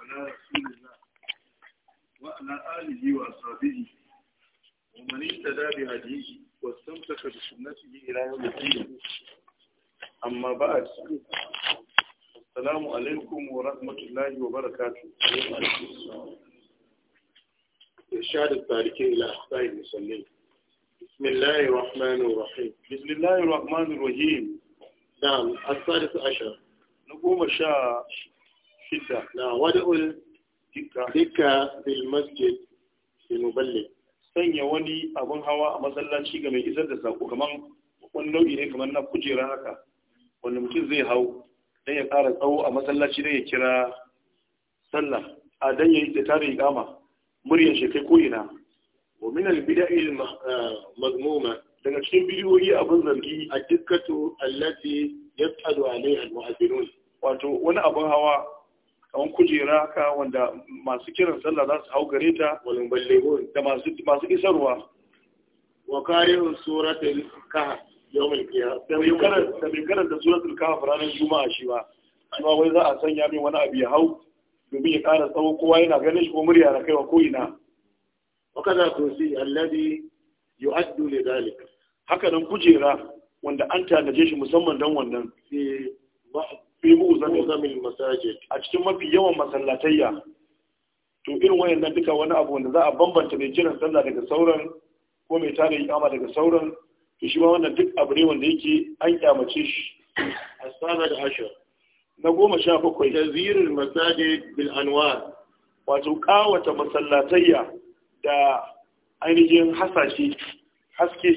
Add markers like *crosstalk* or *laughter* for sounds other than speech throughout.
على رسول الله وعلى آله وأصحابه ومن اهتدى بهديه واستمسك بسنته إلى يوم الدين أما بعد السلام عليكم ورحمة الله وبركاته إرشاد التاركين إلى أخطاء المصلين بسم الله الرحمن الرحيم بسم الله الرحمن الرحيم نعم الثالث عشر نقوم شاء الستة لا ودع الدكة بالمسجد للمبلغ sanya wani abun hawa a masallaci ga mai isar da sako kamar wani nau'i ne kamar na kujera haka wanda mutum zai hau dan ya ƙara tsawo a masallaci dan ya kira sallah a dan ya da tare iqama muryar shi kai ko ina wa min al bida'i ah, mazmuma daga cikin bidiyoyi abin zargi a dikkatu allati yas'alu alaiha al mu'azzirun wato wani abun hawa an kujera haka wanda masu kiran sallah za su hau gare ta da masu isarwa wa karihun suratul kahf yau qiyamah da suratul kahf ranar juma'a shi ba amma wai za a sanya min wani abu ya hau domin ya ƙara tsawo kowa yana ganin shi ko murya na kaiwa ko ina wa kaza kursi alladhi yu'addu li dhalik haka nan kujera wanda an tanaje shi musamman dan wannan fi mu'zamin masajid a cikin mafi yawan masallatayya to irin wayannan duka wani abu wanda za a bambanta mai kiran sallah daga sauran ko mai yi ikama daga sauran to shi ma wannan duk abu ne wanda yake an kyamace shi asana da ashar na goma sha bakwai tazirin masajid bil anwar wato kawata masallatayya da ainihin hasashe haske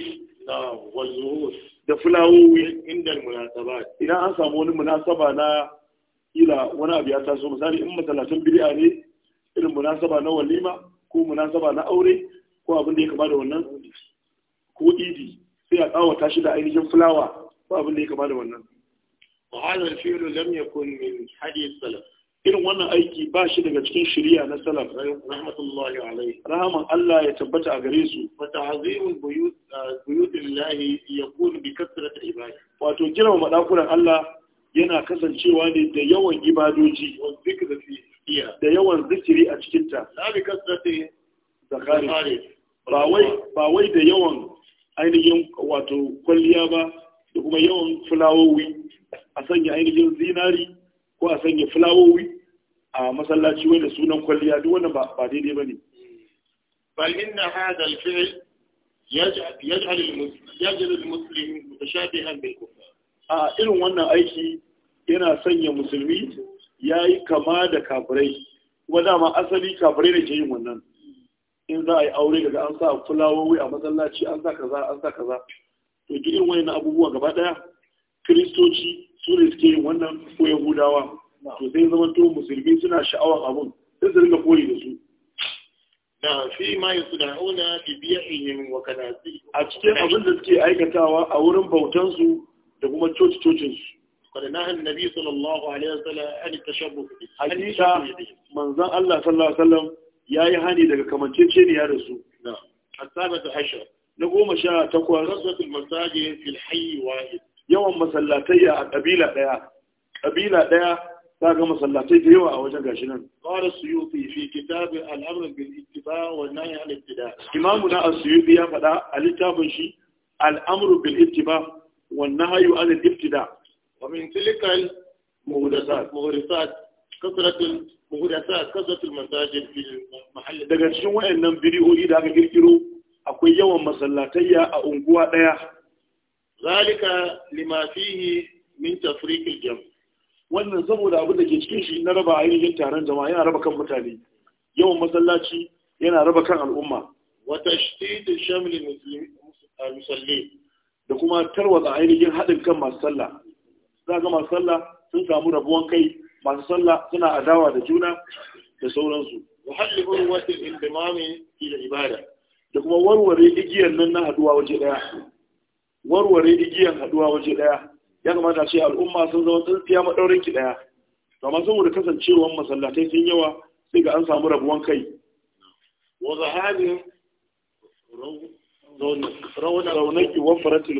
na wazuhus da fulawowi inda munasaba idan an samu wani munasaba na ila wani abu ya taso misali in masallacin bid'a ne irin munasaba na walima ko munasaba na aure ko abin da ya kama da wannan ko idi sai a kawata shi da ainihin fulawa ko abin da ya kama da wannan wa hadha al-fi'l lam yakun min hadith salaf irin wannan aiki ba shi daga cikin shirya na salaf rahmatullahi alaihi rahaman Allah ya tabbata a gare su wa ta'zimul uh, buyutillahi yakun bi kasrati ibadi wato girma madakuran Allah yana kasancewa ne da yawan ibadoji wa da yawan zikiri a cikin ta la bi kasrati zakari ba wai ba wai da yawan ainihin wato kwalliya ba da kuma yawan fulawowi a sanya ainihin zinari ko a sanya fulawowi a masallaci wai da sunan kwalliya duk wannan ba daidai ba ne bal inna hada alfi'l yaj'al yaj'al almuslim mutashabihan bil kufar a irin wannan aiki yana sanya musulmi yayi kama da kafirai kuma dama asali kafirai ne ke yin wannan in za a yi aure daga an sa fulawowi a masallaci an sa kaza an sa kaza to duk irin wannan abubuwa gaba daya kristoci su ne suke yin wannan ko yahudawa to sai zaman musulmi suna sha'awar abun sai su rika koyi da su na fi ma yasda'una bi biy'ihim wa kanasi a cikin abin da suke aikatawa a wurin bautan su da kuma coci cocin su kada na annabi sallallahu alaihi wasallam an tashabbu hadisa manzan Allah sallallahu alaihi wasallam yi hani daga kamanceceniya da su na da ashar na goma sha takwas rasatul masajid fil hayy wahid yawan masallatai a kabila daya kabila daya تاكم صلاتي ديوة أو جنقا شنان قال السيوطي في كتاب الأمر بالاتباع والنهي عن الابتداء إمامنا السيوطي يفضى الاتباع شي الأمر بالاتباع والنهي عن الابتداء ومن تلك المغرسات مغرسات كثرة المغرسات كثرة المساجد في المحل دقال شنو أن نمبريه إذا كيرو أقول يوم مصلاتي أقول قوة ذلك لما فيه من تفريق الجمع wannan saboda abin da ke cikin shi na raba ainihin taron jama'a yana raba kan mutane yawan masallaci yana raba kan al'umma wata shidda shamilin musalli da kuma tarwatsa ainihin haɗin kan masu sallah za ga masu sallah sun samu rabuwan kai masu sallah suna adawa da juna da sauransu muhallibin wata indimami ibada da kuma warware igiyar nan na haɗuwa waje ɗaya. warware igiyar haɗuwa waje daya ya kamata ce al'umma sun zama tsintsiya maɗaurin ki ɗaya amma saboda kasancewar masallatai sun yawa sai ga an samu rabuwan kai wa raunar raunaki wa faratil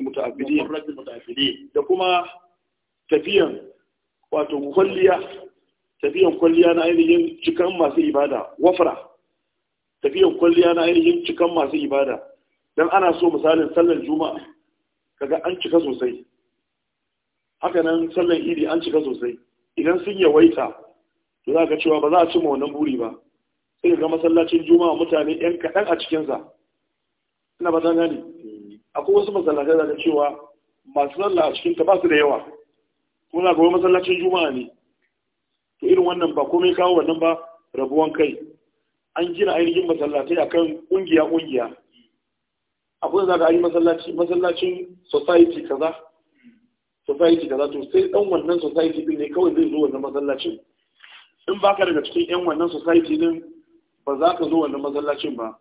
da kuma tafiyan wato kwalliya tafiyan kwalliya na ainihin cikan masu ibada wafra tafiyan kwalliya na ainihin cikan masu ibada dan ana so misalin sallar juma'a kaga an cika sosai haka nan sallan idi an cika sosai idan sun yawaita to za ka cewa ba za a cimma wannan buri ba sai ga masallacin juma'a mutane yan kaɗan a sa ina ba ta gani akwai wasu masallacin da cewa masu sallah a cikin ta ba su da yawa kuma ga masallacin juma'a ne to irin wannan ba komai kawo wannan ba rabuwan kai an gina ainihin masallatai akan kungiya kungiya akwai za ka yi masallacin society kaza society za to sai dan wannan society din ne kawai zai zo wannan masallacin in baka daga cikin yan wannan society din ba za ka zo wannan masallacin ba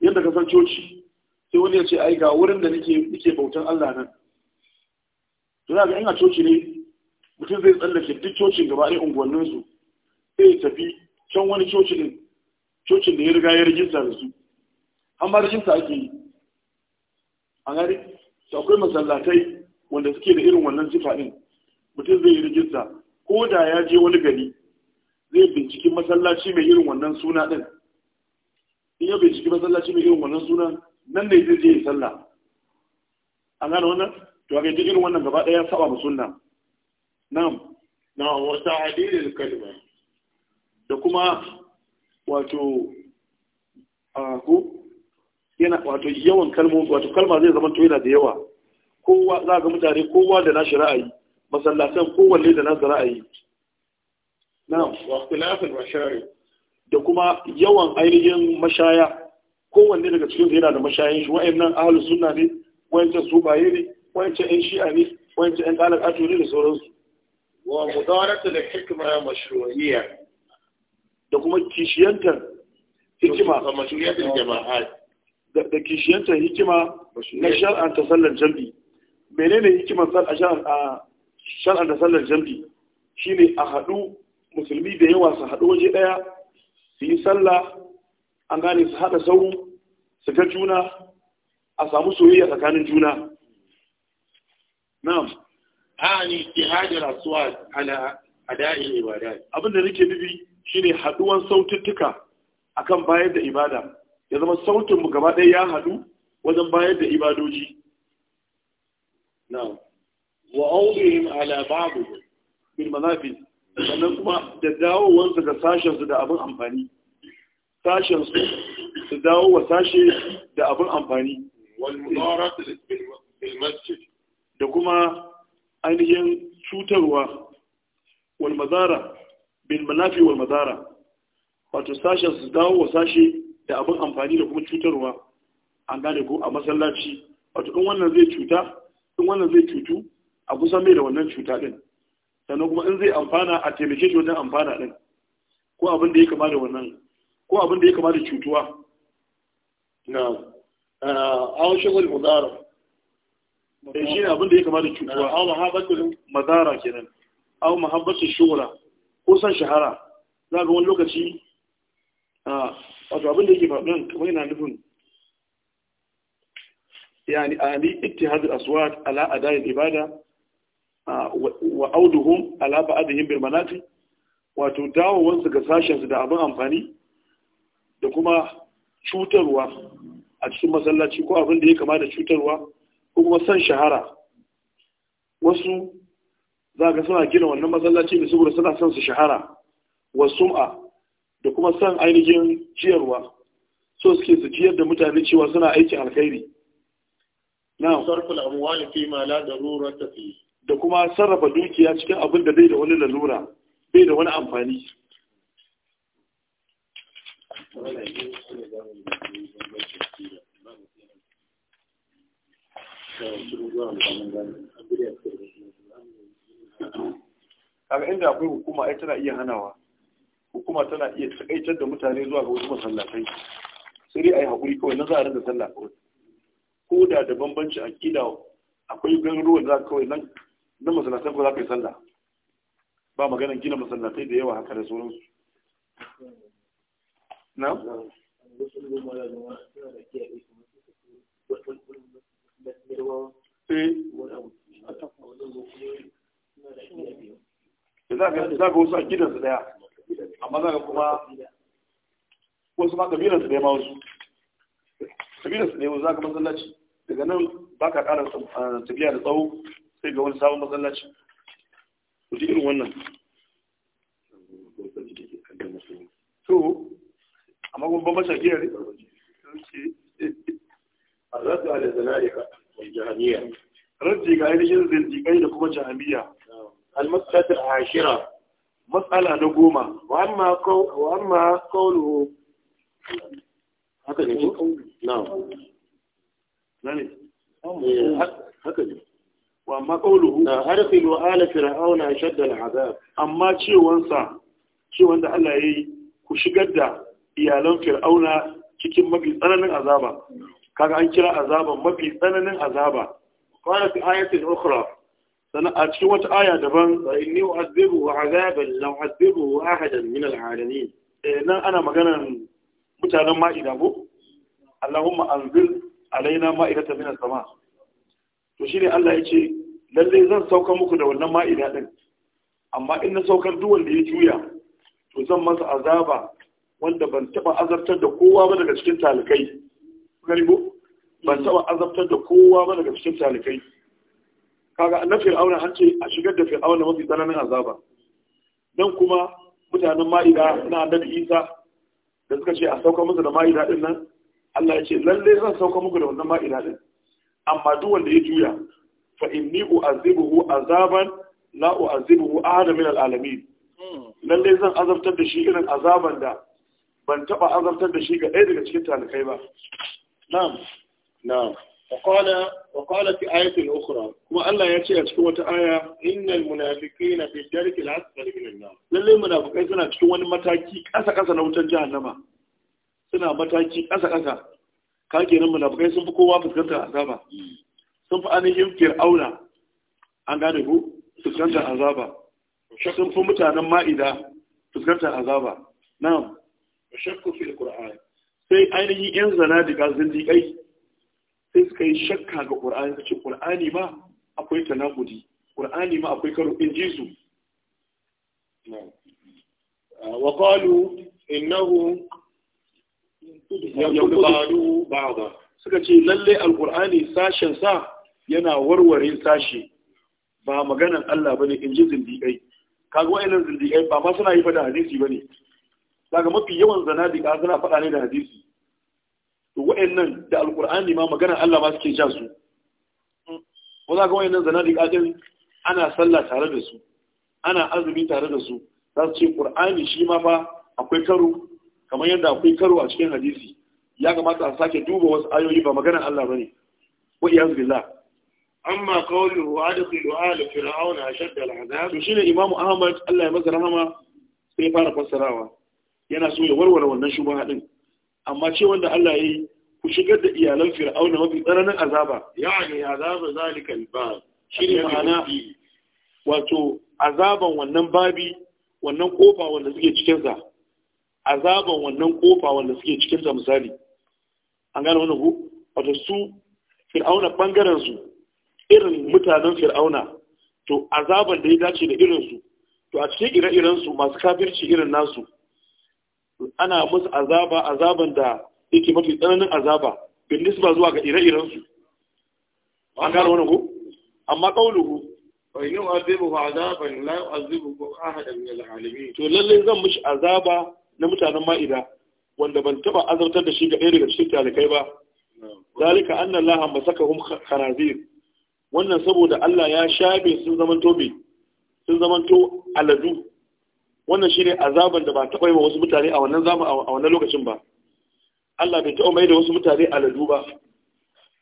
yadda ka san coci sai wani ya ce ai ga wurin da nake nake bautan Allah nan to za ka ina coci ne mutum zai tsallake duk cocin gaba ɗaya unguwannin su sai tafi can wani coci din cocin da ya riga ya rijista da su an ma rijista ake yi a gari akwai masallatai wanda suke da irin wannan sifa din mutum zai yi rijista ko da ya je wani gari zai binciki masallaci mai irin wannan suna din in ya binciki masallaci mai irin wannan suna nan ne zai je ya sallah an gane wannan to a gaji irin wannan gaba ɗaya saba mu suna. Nan na wata hadilil kalma da kuma wato a ko yana wato yawan kalmomi wato kalma zai zama to yana da yawa kowa za ga mutane kowa da nashi ra'ayi masallatan kowanne da nasu ra'ayi na'am wa ikhtilafil mashari da kuma yawan ainihin mashaya kowanne daga cikin yana da mashayin shi wa'annan ahlus sunna ne wa'ancan subaye ne wa'ancan yan shi'a ne wa'ancan yan qalaqatu ne da sauransu wa mudaratu da hikma mashru'iyya da kuma kishiyantar hikima da kishiyantar hikima na shar'an tasallan jambi menene hikimar shar'ar da sallar shi ne a haɗu musulmi da yawa su haɗu waje ɗaya su yi sallah an gane su haɗa sauru su ga juna a samu soyayya tsakanin juna na'am ani ihajar aswat ala ada'il ibada. abin da nake nufi shine haɗuwan saututtuka akan bayar da ibada ya zama sautin mu gaba ɗaya ya haɗu wajen bayar da ibadoji na'am wa aulihim ala ba'd bil sannan kuma da wansu ga sashensu da abin amfani sashensu su dawo wa sashe da abin amfani da kuma ainihin cutarwa wal mazara bil manafi wal mazara wato sashen su dawo wa sashe da abin amfani da kuma cutarwa an gane ko a masallaci wato in wannan zai cuta in wannan zai cutu a kusan mai da wannan cuta din sannan kuma in zai amfana a taimake shi wajen amfana din ko abin da ya kama da wannan ko abin da ya kama da cutuwa na ah, awon shagwal mazara da eh, shi ne abin da ya kama da cutuwa awon mahabbatul madara kenan awon mahabbatin shura ko san shahara za ga wani lokaci ah, wato abin da yake faɗin kamar yana nufin yani ani ittihad al-aswat ala ada'i al-ibada wa auduhum ala ba'dihim wato dawowan ga sashensu da abin amfani da kuma cutarwa a cikin masallaci ko abin da ya kama cutarwa ko kuma san shahara wasu za ga gina wannan masallaci da saboda suna son su shahara wa sum'a da kuma san ainihin jiyarwa so suke su jiyar da mutane cewa suna aikin alkhairi da kuma sarrafa dukiya cikin abin da bai da wani lalura bai da wani amfani kaga inda akwai hukuma ai tana iya hanawa hukuma tana iya takaitar da mutane zuwa ga wasu masallatai sai dai ai hakuri kawai na za a rinda sallah kawai ko da da a aqida akwai ruwan za kawai nan na masallatan ko za ka yi sallah ba maganan gina masallatai da yawa haka da sauransu na eh. za ka wasu a gidansu daya amma za ka kuma wasu ma kabilansu daya ma wasu kabilansu daya wasu za ka masallaci daga nan ba ka ƙara ah, tafiya da tsawo sai ga wani sabon matsalaci ku ji irin wannan to amma kuma ban basa giyar a za su ala zana'ika jahaniya rajji ga ainihin zindiƙai da kuma jahamiya a ashira matsala na goma wa amma kawo haka ne ko na'am zane eh, haka ne wa amma qawluhu la harfilu ala fir'auna shadda al'azab amma cewansa cewan da Allah yayi ku shigar da iyalan fir'auna cikin mafi tsananin azaba kaga an kira azaba mafi tsananin azaba qala fi ayatin ukhra sana a cikin wata aya daban fa inni u'adhibu azaban law u'adhibu ahadan min al'alamin eh, nan ana maganar mutanen ma'ida ko Allahumma anzil alaina ma'idatan min sama to shine Allah yake lalle zan saukar muku da wannan ma'ida din amma in na saukar duk wanda ya juya to zan masa azaba wanda ban taba azabtar da kowa ba daga cikin talikai gani ko ban taba azabtar da kowa ba daga cikin talikai kaga na fir'auna an ce a shigar da fir'auna mafi tsananin azaba dan kuma mutanen ma'ida na annabi Isa da suka ce a saukar musu da ma'ida din nan Allah ya ce lalle zan sauka muku da wannan ma'ida din amma duk wanda ya juya fa inni u'azibuhu azaban la u'azibuhu ahada min al'alamin hmm. lalle zan azabtar da shi irin azaban da ban taba azabtar da shi ga ɗaya daga cikin talikai ba na'am na'am وقال وقال في آية أخرى كما الله يأتي أتكوة آية إن المنافقين في الدرك الأسفل من النار للي المنافقين سنة متاكي كاسا كاسا نوتا جهنم suna mataki ƙasa-ƙasa ka ke nan munafukai sun fi kowa fuskantar azaba sun fi ainihin fir'auna an gane ku fuskantar azaba sun fi mutanen ma'ida fuskantar azaba na shakku fil qur'an sai ainihin yan zanadiga zindiƙai sai suka yi shakka ga qur'ani su ce qur'ani ma akwai tanakudi qur'ani ma akwai karo in ji su wa qalu innahu suka ce lalle alkur'ani sashen sa yana warware sashi ba maganan Allah bane in ji zindiƙai kaga wa'annan zindiƙai ba ma suna yi fa da hadisi bane daga mafi yawan zanadiqa suna faɗa ne da hadisi to wa'annan da alkur'ani ma maganan Allah ba suke ja su ko za ka wa'annan zanadiqa din ana sallah tare da su ana azumi tare da su za su ce qur'ani shi ma fa akwai karo kamar yadda akwai karo a cikin hadisi ya kamata a sake duba wasu ayoyi ba maganar Allah bane wa iyaz billah amma qawluhu adkhilu ala fir'auna ashadda al'adab to shine imamu ahmad Allah ya masa rahama sai fara fassarawa yana so ya warware wannan shubha din amma ce wanda Allah yayi ku shigar da iyalan fir'auna mafi tsananin azaba yani azaba zalika al-bab shine ma'ana wato azaban wannan babi wannan kofa wanda suke cikin sa azaban wannan kofa wanda suke cikin ta misali an gane wannan ko wato su fir'auna bangaren su irin mutanen fir'auna to azaban da ya dace da irin su to a cikin ire-iren su masu kafirci irin nasu ana musu azaba azaban da yake mafi tsananin azaba bin nisba zuwa ga ire-iren su an gane wannan ko amma kauluhu fa yin azabu azaban la yu'azibu ahadan min al to lalle zan mishi azaba na mutanen ma'ida wanda ban taba azartar da shi ga ɗaya daga cikin talikai ba zalika anna saka masakahum khanazir wannan saboda Allah ya shafe sun zaman tobe sun zaman to aladu wannan shine azaban da ba taba yi wa wasu mutane a wannan zama a wannan lokacin ba Allah bai taɓa mai da wasu mutane aladu ba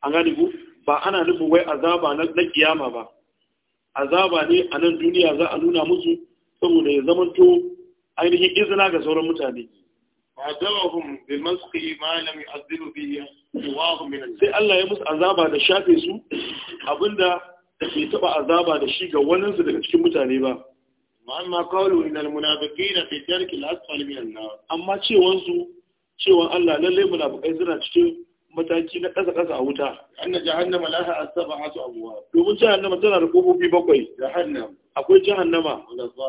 an gani ku ba ana nufin wai azaba na kiyama ba azaba ne a nan duniya za a nuna musu saboda ya zamanto ainihin izina ga sauran mutane sai Allah ya musu azaba da shafe su abinda bai taba azaba da shi ga waninsu daga cikin mutane ba amma qawlu ne, munafiqina fi darkil asfali min an-nar amma cewansu su cewan Allah lalle munafiqai suna cikin mataki na ƙasa ƙasa a wuta anna jahannama laha asaba sabatu abuwa domin jahannama tana da ƙofofi bakwai jahannam akwai jahannama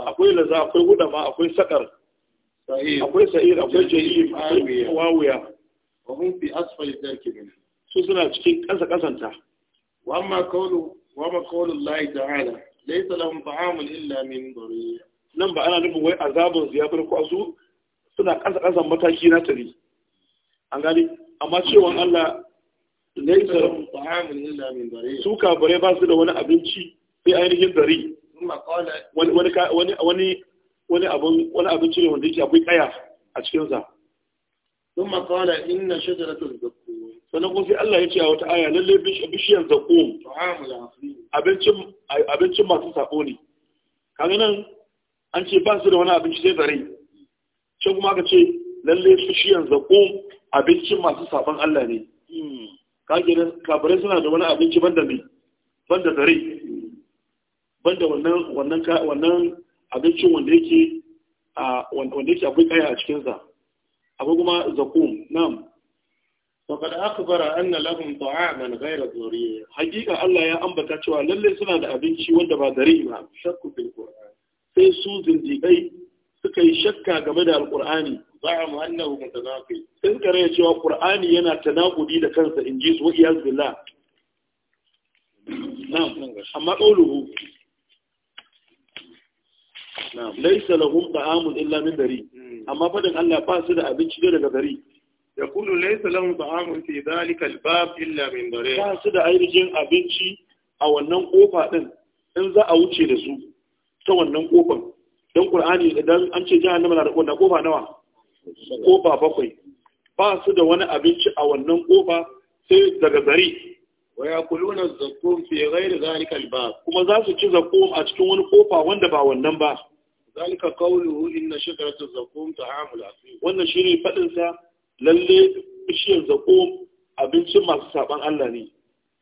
akwai laza akwai gudama akwai sakar akwai sa'ir akwai jahim akwai wawiya wa hum fi asfali darkin su suna cikin ƙasa ƙasanta wa amma qawlu wa amma qawlu Allah ta'ala laysa lahum ta'amun illa min dhari nan ba ana nufin wai azabun ziyabar ko su suna ƙasa ƙasan mataki na tare an gani amma cewa Allah laisa lahum ta'amun illa min su kafare ba su da wani abinci sai ainihin dari wani wani wani wani abinci ne wanda yake akwai kaya a cikinsa. sa ثم قال إن شجرة الزقوم sannan sai Allah ya ce a wata aya lalle bishiyar zakum abincin abincin masu sako ne kaga nan an ce ba su da wani abinci sai zare can kuma aka ce lalle bishiyar zakum abincin masu saban Allah ne kagirin kafirai suna da wani abinci banda mai banda zare banda wannan wannan abincin wanda yake a wanda yake akwai kaya a cikin sa akwai kuma zakum na'am faqad akhbara anna lahum ta'aman gaira dhuriyya hakika Allah ya ambata cewa lalle suna da abinci wanda ba zare ba shakku bil sai su zindiqai suka yi shakka game da alkur'ani za'am annahu mutanaqid sai sun raya cewa ƙur'ani yana naƙudi da kansa in ji su wa iyaz billah na'am amma qawluhu na'am laysa lahum ta'amun illa min dari amma fadin Allah ba su da abinci da daga dari يقول ليس لهم طعام في ذلك الباب إلا من dare ba su da ainihin abinci a wannan kofa din in za a wuce da su ta wannan kofan. don ƙul'ani idan an ce jihar na da ƙofa nawa ƙofa bakwai ba su da wani abinci a wannan ƙofa sai daga zari wa ya kuluna zakkum fi ghairi zalikal ba kuma za su ci zakkum a cikin wani ƙofa wanda ba wannan ba zalika qawluhu inna shajaratu zakkum ta'amul asim wannan shine fadin sa lalle bishiyar zakkum abincin masu saban Allah ne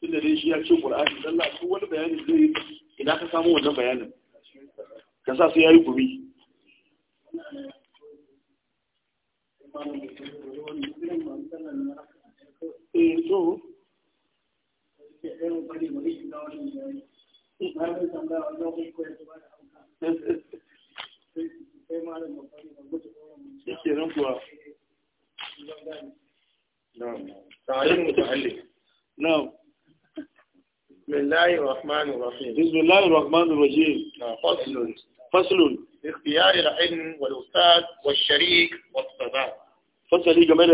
tun da shi ya ce ƙur'ani zalla ko wani bayanin zai ina ka samu wannan bayanin ka sa sai ya yi gumi eh to yake nan kuwa na'am بسم الله الرحمن الرحيم بسم game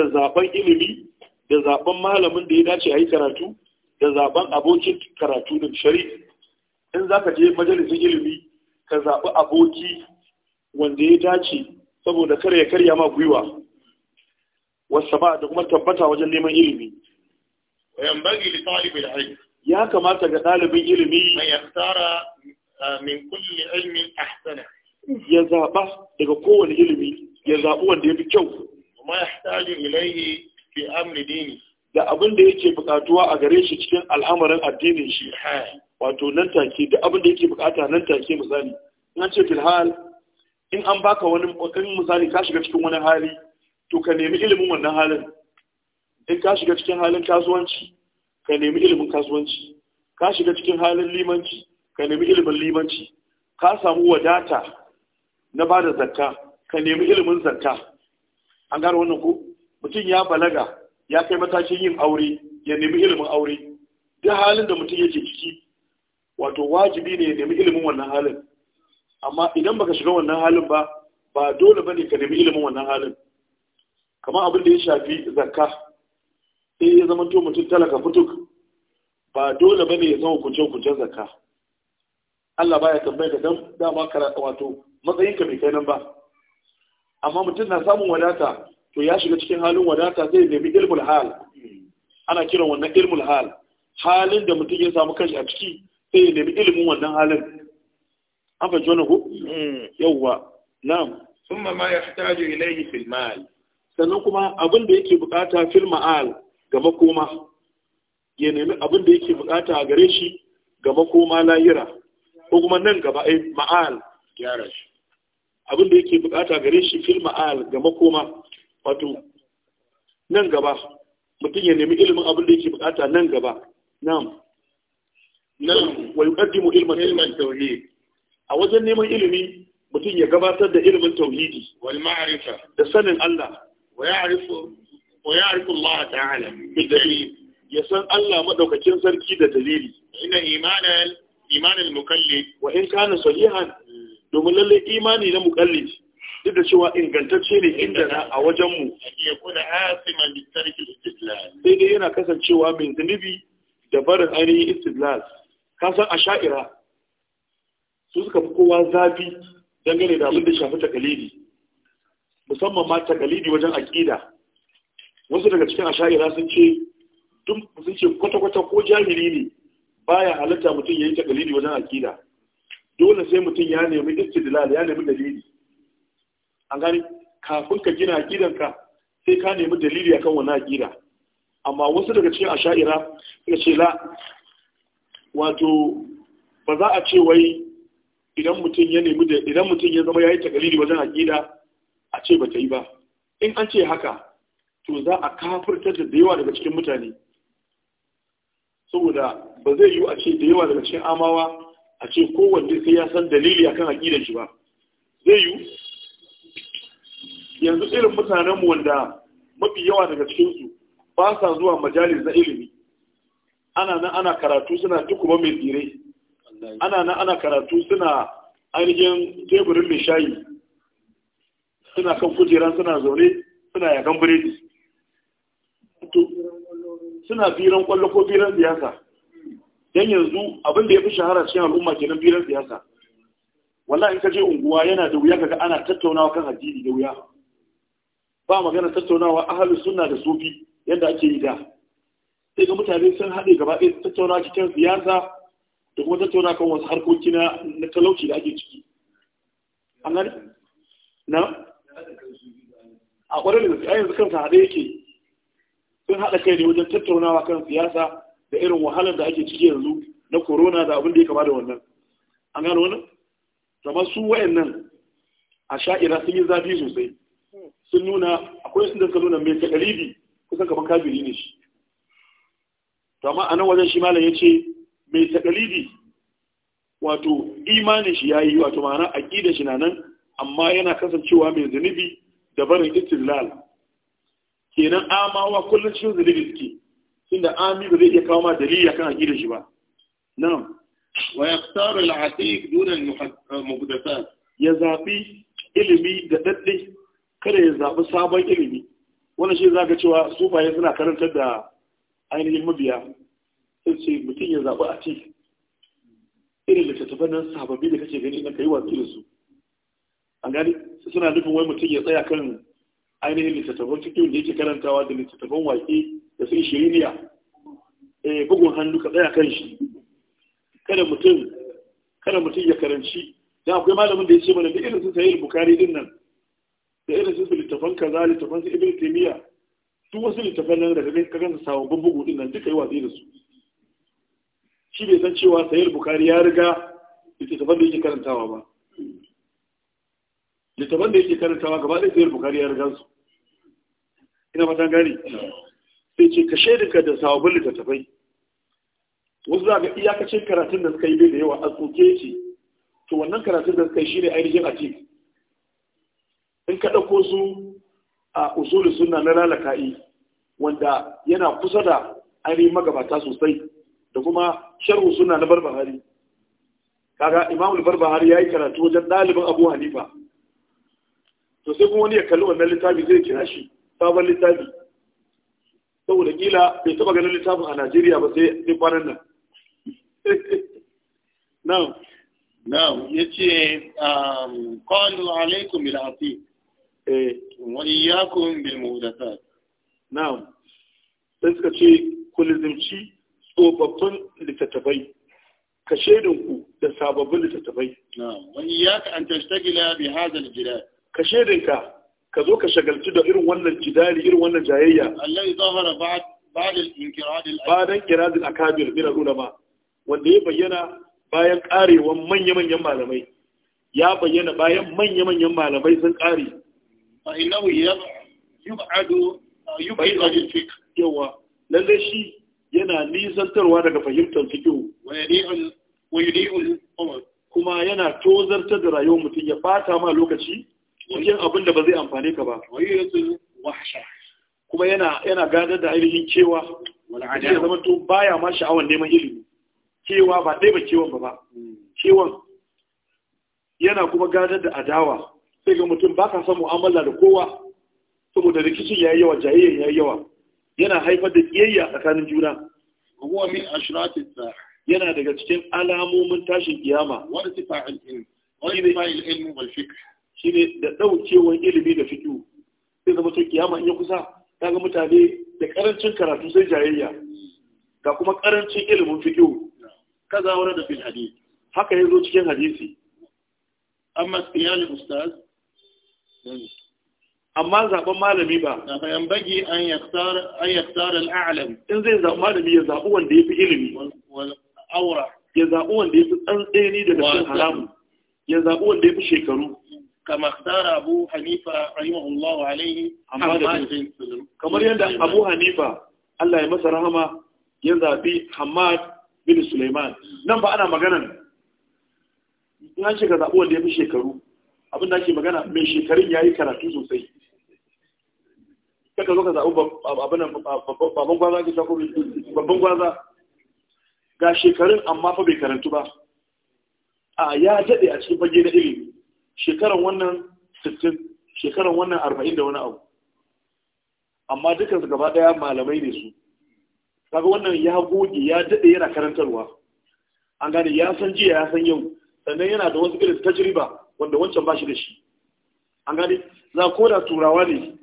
da zaben ilimi da zaben malamin da ya dace a yi karatu da zaben abokin karatu da shari'i in za ka je majalisin ilimi ka zaɓi aboki wanda ya dace saboda kare ya karya ma gwiwa wasu ba da kuma tabbata wajen neman ilimi. Wayan bagi da talibai da ya kamata ga ɗalibin ilimi mai yaktara ah, min kulli ilmin ahsana ya zaba daga kowane ilimi ya zaɓi wanda yafi kyau ma yahtaju ilayhi fi amri dini da abin da yake bukatuwa a gare shi cikin al'amarin addinin shi wato nan take da abin da yake bukata nan take misali in an ce fil hal in an baka wani kokarin misali ka shiga cikin wani hali to ka nemi ilimin wannan halin in ka shiga cikin halin kasuwanci ka nemi ilimin kasuwanci ka shiga cikin halin limanci ka nemi ilimin limanci ka samu wadata na ba da zakka ka nemi ilimin zakka an gara wannan ko mutum ya balaga ya kai matakin yin aure ya nemi ilimin aure duk halin da mutum yake ciki wato wajibi ne ya nemi ilimin wannan halin amma idan baka shiga wannan halin ba ba dole ne ka nemi ilimin wannan halin kamar abin da ya shafi zakka sai ya zama to mutum talaka fituk ba dole bane ya zama kuce kuce zakka Allah baya tambaye ka dan dama karatu wato matsayin ka bai kai nan ba amma mutum na samun wadata to ya shiga cikin halin wadata zai nemi ilmul hal ana kiran wannan ilmul hal halin da mutum ya samu kanshi a ciki sai ya nemi ilimin wannan halin an fahimci wannan ko yawwa na'am thumma ma yahtaju ilayhi fil mal sannan kuma abin da yake bukata fil ma'al ga makoma ya nemi abin da yake bukata a gare shi ga makoma lahira ko kuma nan gaba ai eh, ma'al gyara shi abin da yake bukata gare shi fil ma'al ga makoma wato nan gaba mutum ya nemi ilimin abin da yake bukata nan gaba na'am nan wa yuqaddimu ilman ilman tauhid a wajen neman ilimi mutum ya gabatar da ilimin tauhidi wal ma'rifa da sanin Allah wa ya'rifu ya san Allah maɗaukacin sarki da dalili ina wa kana sahihan domin lallai imani na mukallid duk da cewa ingantacce ne inda na a dai yana kasancewa mai da barin ainihin ka san suka fi kowa zafi dangane da abin da shafi takalidi musamman ma takalidi wajen aƙida wasu daga cikin ashayira sun ce sun ce kwata-kwata ko jahili ne baya halatta mutum ya yi takalili wajen akida dole sai mutum ya nemi istidlal ya nemi dalili an gani kafin ka gina akidanka sai ka nemi dalili akan wannan akida amma wasu daga cikin ashayira suka ce la wato ba za a ce wai idan mutum ya nemi idan mutum ya zama yi takalili wajen akida a ce ba ta yi ba in an ce haka to za a kafirtar da yawa daga cikin mutane saboda ba zai yiwu a ce da yawa daga cikin amawa a ce kowanne sai ya san dalili akan da shi ba zai yiwu yanzu irin mutanenmu wanda mafi yawa daga cikinsu ba sa zuwa majalis na ilimi ana nan ana karatu suna tukuma mai tsire ana nan ana karatu suna ainihin teburin mai shayi suna kan kujeran suna zaune suna yakan biredi to suna biran kwallo ko biran siyasa dan yanzu abin da ya fi shahara cikin al'umma kenan biran siyasa wallahi in ka je unguwa yana da wuya kaga ana tattaunawa kan addini da wuya ba magana tattaunawa ahlus sunna da sufi yadda ake yi da sai ga mutane sun haɗe gaba ɗaya tattaunawa cikin siyasa da kuma tattauna kan wasu harkoki na talauci da ake ciki an na a ƙwarar da a yanzu kansa haɗe yake sun haɗa kai ne wajen tattaunawa kan siyasa da irin wahalar da ake ciki yanzu na corona da abin da ya kama da wannan an gano wannan zama su wayannan a sha'ira sun yi zafi sosai sun nuna akwai sun da nuna mai takalibi kusan kamar kabiri ne shi to amma a nan wajen shi malam ya ce mai takalibi wato imanin shi ya yi wato ma'ana aƙidar shi na nan amma yana kasancewa mai zunubi da barin istilal kenan amawa kullum cikin zunubi suke tunda ami ba zai iya kawo ma dalili akan aqidar shi ba na'am wa yaktaru al-atiq dun al-muhdathat ya zabi ilimi da dadde kada ya zabi sabon ilimi wannan shi zaka cewa sufaye suna karantar da ainihin mabiya sai ce mutum ya zabi atiq irin littattafan nan sababbi da kake gani na kai watsi da su an gani suna nufin wai mutum ya tsaya kan ainihin littattafan cikin da yake karantawa da littattafan waƙe da sun shiriniya eh bugun hannu ka tsaya kan shi kada mutum kada mutum ya karanci da akwai malamin da ya ce mana da irin su sayi bukari din nan da irin su littafan kaza littattafan su ibn taymiya duk wasu littattafan nan da ka kaga su sababbin bugu din nan duka yi watsi da su shi bai san cewa sayi bukari ya riga littattafan da yake karantawa ba littattafan da yake karantawa gaba ɗaya sayi bukari ya riga su ina matan gani sai ce ka shaidinka da sababin littattafai wasu za ga iyakacin karatun da suka yi bai da yawa a tsoke ce to wannan karatun da suka yi shine ainihin atik in ka ɗauko su a usulun suna na lalaka'i wanda yana kusa da ainihin magabata sosai da kuma sharhu suna na barbahari kaga imamul barbahari ya yi karatu wajen ɗalibin abu hanifa to sai kuma wani ya kalli wannan littafi zai kira shi sabon littafi saboda kila bai taba ganin littafin a Najeriya ba sai duk kwanan nan *laughs* na'am na'am ya ce um, qalu alaikun bil hafi eh wa iyyakum bil muhdathat na'am sai suka ce ku lizimci tsofaffin littattafai ka shaidinku da sababbin littattafai. Wani ya ka an tashtagila bi hazal gida. Ka shaidinka ka zo ka shagaltu da irin wannan jidali irin wannan jayayya Allah ya zahara ba'd al al-ba'dan al-akabir min al ba wanda ya bayyana bayan karewan manya-manyan malamai ya bayyana bayan manya-manyan malamai sun kare fa innahu yub'adu uh, yub'adu al-fiqh yawa lalle shi yana nisantarwa daga fahimtar fiqh wa wa kuma yana tozartar da rayuwar mutum ya bata ma lokaci cikin abin da ba zai amfani ka ba kuma yana yana gadar da ainihin kewa wani ya zama to baya ma sha'awar neman ilimi kewa ba ɗaya ba kewan ba ba kewan hmm. yana kuma gadar da adawa sai ga mutum ba ka san mu'amala da kowa saboda rikicin ya yi yawa ya yi yawa yana haifar da a tsakanin juna min yana daga cikin alamomin tashin kiyama wani irtifa'il ilm wani irtifa'il ilm wal fikr ne da ɗaukewar ilimi da fito? sai zama to kiyama in yi kusa ta ga mutane da ƙarancin karatu sai jayayya ga kuma ƙarancin ilimin fito. kaza wani da fil hadisi haka ya zo cikin hadisi amma siyal ustaz amma zaben malami ba bayan bagi an yaktar an yaktar alam in zai zaɓi malami ya zaɓi wanda ya fi ilimi ya zaɓi wanda ya fi tsantseni daga cikin haramu ya zaɓi wanda fi shekaru kama tsara abu hanifa rahimahullahu alaihi kamar yadda abu hanifa Allah ya masa rahama ya zaɓi hamad bin suleiman nan ba ana magana. in an shiga zaɓi wanda ya fi shekaru abin da ake magana mai shekarun ya yi karatu sosai kaka zo ka zaɓi babban gwaza ke sako babban gwaza ga shekarun amma fa bai karantu ba a ya jade a cikin fage na ilimi shekaran wannan 60 shekaran wannan 40 da wani abu amma dukkan su gaba daya malamai ne su kaga wannan ya goge ya dade yana karantarwa an gane ya san jiya ya san yau sannan yana da wasu irin tajriba wanda wancan bashi da shi an gane za ko da turawa ne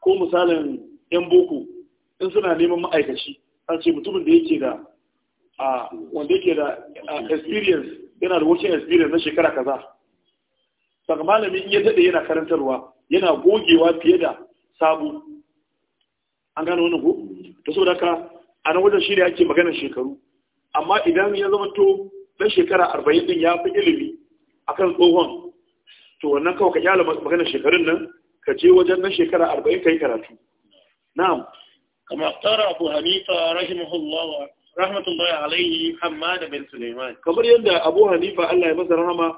ko misalin yan boko in suna neman ma'aikaci an ce mutumin da yake da wanda yake da experience yana da wucin experience na shekara kaza saka malami in ya daɗe yana karantarwa yana gogewa fiye da sabu an gano wani ko ta saboda ka a nan wajen shi ne ake maganar shekaru amma idan ya zama to ɗan shekara arba'in din ya fi ilimi akan tsohon to wannan kawai ka kyala maganar shekarun nan ka je wajen na shekara arba'in ka yi karatu na'am kama tsara abu hanifa rahimahullah rahmatullahi alaihi hamad bin suleiman kamar yadda abu hanifa allah ya masa rahama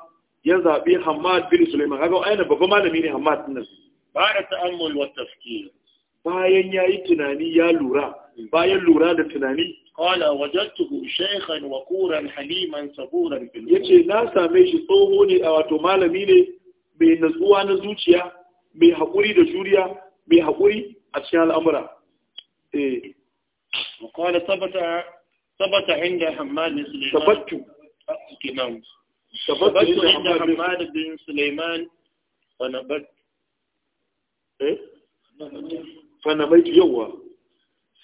ya zaɓi Hamad bin Sulaiman haka aina babban malami ne Hamad din nan ta'ammul wa tafkir bayan yayi tunani ya lura bayan lura da tunani qala wajadtuhu shaykhan quran haliman saburan bil yace na same shi tsoho ne a wato malami ne mai natsuwa na zuciya mai haƙuri da juriya mai haƙuri a cikin al'amura eh Hamad sabata ثبت عند حماد بن سليمان ثبت شبكت عند حماد بن سليمان فنبت إيه؟ فنبت يوا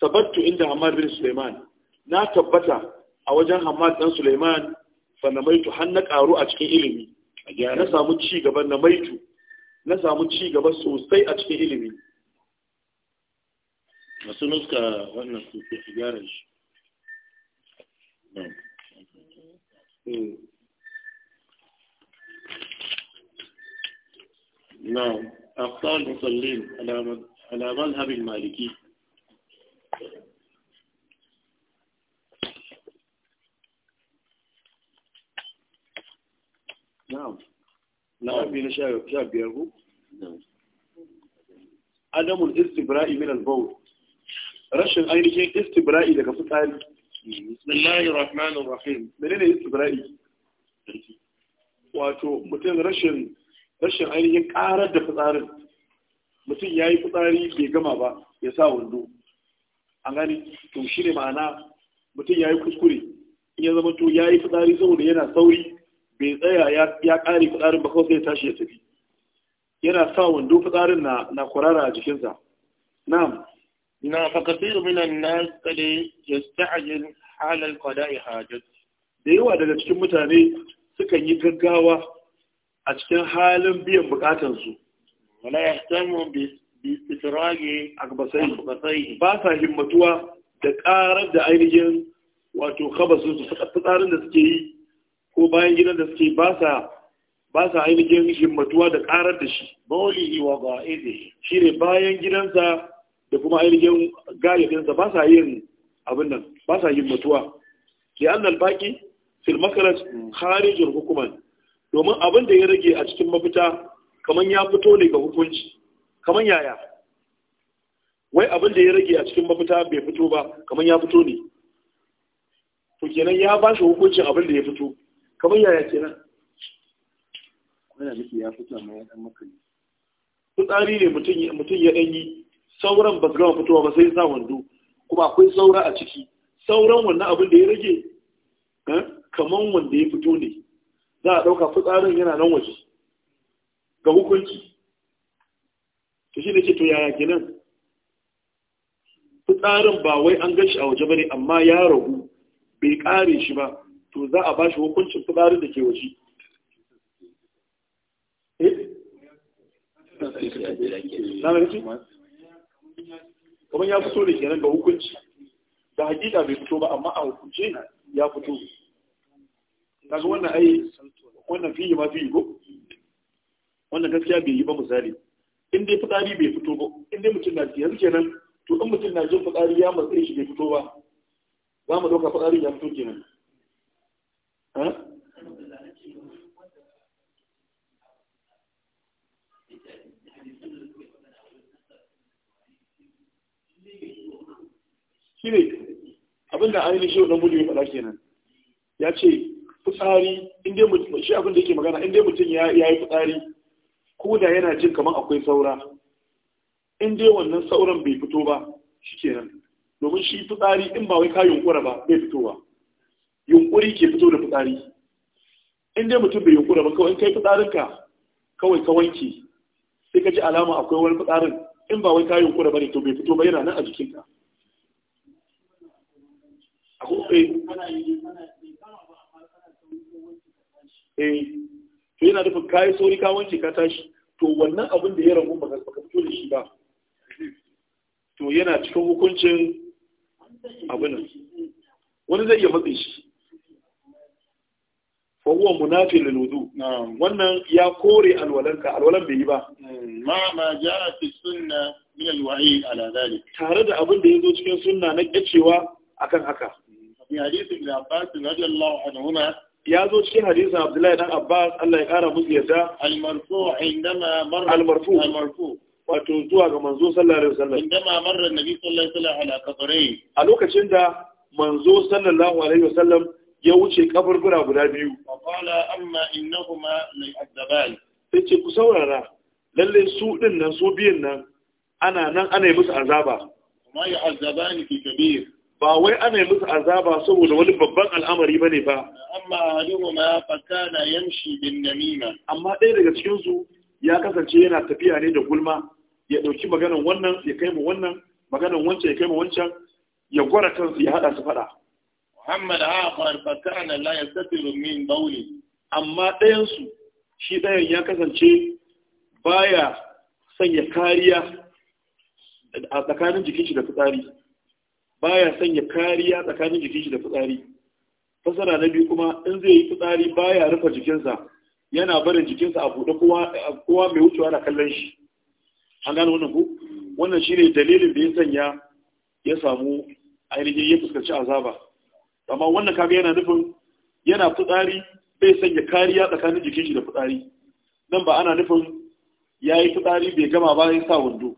ثبت عند حماد بن سليمان na tabbata a wajen Hamad dan Suleiman fa na maitu har na karu a cikin ilimi na samu ci gaba na maitu na samu ci gaba sosai a cikin ilimi masu nuska wannan sosai a gyara shi eh. نعم أخطاء المصلين على على مذهب المالكي نعم نعم في نشاب شاب يرغو نعم عدم الاستبراء من البول رشن أين شيء استبراء إذا كفت عالي بسم الله الرحمن الرحيم من أين استبراء واتو متين رشن rashin ainihin karar da fitsarin mutum ya yi fitsari bai gama ba ya sa wando an gani to shi ne ma'ana mutum ya yi kuskure in ya zama to ya yi fitsari saboda yana sauri bai tsaya ya kare fitsarin ba kawai sai ya tashi ya tafi yana sa wando fitsarin na kwarara a jikinsa na'am na fa kasiru minan nas kale yasta'jil halal qada'i hajat da yawa daga cikin mutane sukan yi gaggawa a cikin halin biyan bukatansu wala tamu bi istifragi akbasai ba sa himmatuwa da karar da ainihin wato khabasu su tsarin da suke yi ko bayan gidan da suke ba sa ba sa ainihin himmatuwa da karar da shi bawli wa shi shine bayan gidansa da kuma ainihin gayyatinsa ba sa yin abin nan ba sa himmatuwa li annal baki fil makaraj mm. kharijul hukuman domin abin da ya rage a cikin mafita kamar ya fito ne ga hukunci kamar yaya wai abin da ya rage a cikin mafita bai fito ba kamar ya fito ne to kenan ya ba shi hukuncin abin da ya fito kamar yaya kenan wanda miki ya fito amma ya dan makali tsari ne mutum ya dan yi sauran ba su gama fitowa ba sai sa wando kuma akwai saura a ciki sauran wannan abin da ya rage eh, kamar wanda ya fito ne za a ɗauka fitsarin yana nan waje ga hukunci Ta shi ne ce to yaya kenan fitsarin ba wai an gashi a waje bane amma ya ragu bai ƙare shi ba to za a bashi hukuncin fitsarin da ke waje eh? kamar ya fito da kenan ga hukunci da hakika bai fito ba amma a hukunce ya fito kaga wannan ai wannan fiye ma fiye ko wannan gaskiya bai yi ba misali in dai fitsari bai fito ba in dai mutum na ji yanzu kenan to in mutum na jin fitsari ya matsayi shi bai fito ba za mu ɗauka fitsari ya fito kenan shi ne abinda ainihin shi wadda mudu ya faɗa kenan ya ce fitsari in dai mutum shi abin da yake magana in dai mutum ya yi fitsari ko da yana jin kamar akwai saura in dai wannan sauran bai fito ba shikenan domin shi fitsari in ba wai ka yunkura ba bai fitowa yunkuri ke fito da fitsari in dai mutum bai yunkura ba kawai kai fitsarin ka kawai ka wanke sai ka ji alama akwai wani fitsarin in ba wai ka yunkura ba ne to bai fito ba yana nan a jikinka akwai eh. eh to yana nufin kayi sauri ka wanke ka tashi to wannan abin da ya rabu ba ka fito da shi ba to yana cikin hukuncin abin wani zai iya matsi shi fawon huwa lulu wannan ya kore alwalanka alwalan bai yi ba hmm. ma ma jaa fi sunna min alwa'i ala tare da abin da ya zo cikin sunna na kyacewa akan haka في حديث ابن عباس رضي الله ya zo cikin hadisin Abdullahi dan Abbas Allah ya kara musu yadda Almarfu marfu indama marra al-marfu wato zuwa ga manzo sallallahu alaihi wasallam indama marra annabi sallallahu alaihi wasallam ala qabrai a lokacin da manzo sallallahu alaihi wasallam ya wuce kaburbura guda biyu qala amma innahuma la'adaban sai ce ku saurara lalle su din nan su biyan nan ana nan ana yi musu azaba kuma ya azabani fi kabir ba wai ana yi musu azaba saboda wani babban al'amari ba ne ba. Amma alimu ma faka na yamshi bin namima. Amma ɗaya daga cikinsu ya kasance yana tafiya ne da gulma ya ɗauki maganan wannan ya kai mu wannan maganan wancan ya kai mu wancan ya gwara kansu ya haɗa su faɗa. Muhammad Akhar faka na la yastatiru min bauli. Amma ɗayansu shi ɗayan ya kasance baya sanya kariya a tsakanin jikin shi da fitsari. baya sanya kariya tsakanin jikin shi da fitsari fasara na biyu kuma in zai yi fitsari baya rufe jikinsa yana barin jikinsa a buɗe kowa mai wucewa na kallon shi an gano wannan ku wannan shine dalilin da ya sanya ya samu ainihin ya fuskanci azaba amma wannan kaga yana nufin yana fitsari bai sanya kariya tsakanin jikin shi da fitsari nan ba ana nufin ya yi fitsari bai gama ba ya sa wando